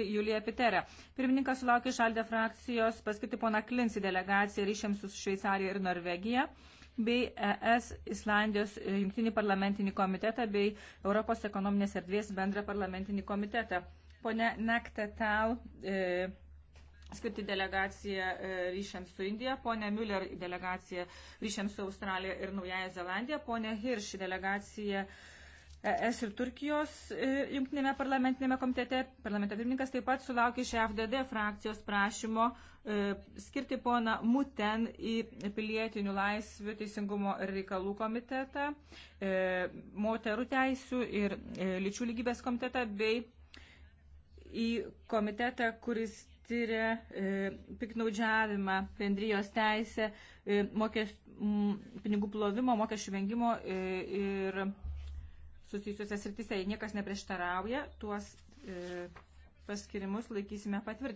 Julija Piterė. Pirmininkas sulaukė šaldė frakcijos paskirti pona Klinsi delegaciją ryšiams su Šveicarija ir Norvegija bei ES Islandijos jungtinį parlamentinį komitetą bei Europos ekonominės erdvės bendrą parlamentinį komitetą. Pone Nektetal e, skirti delegaciją e, ryšiams su Indija, ponė Müller delegacija ryšiams su Australija ir Naujaja Zelandija, ponė Hirš delegacija e, ES ir Turkijos e, jungtinėme parlamentinėme komitete. Parlamento pirmininkas taip pat sulaukė iš FDD frakcijos prašymo e, skirti poną Muten į pilietinių laisvių teisingumo ir reikalų komitetą, e, moterų teisių ir lyčių lygybės komitetą bei į komitetą, kuris tyria e, piknaudžiavimą bendrijos teisę, e, mokės, m, pinigų plovimo, mokesčių vengimo e, ir susijusiuose srityse. Niekas neprieštarauja, tuos e, paskirimus laikysime patvirtinti.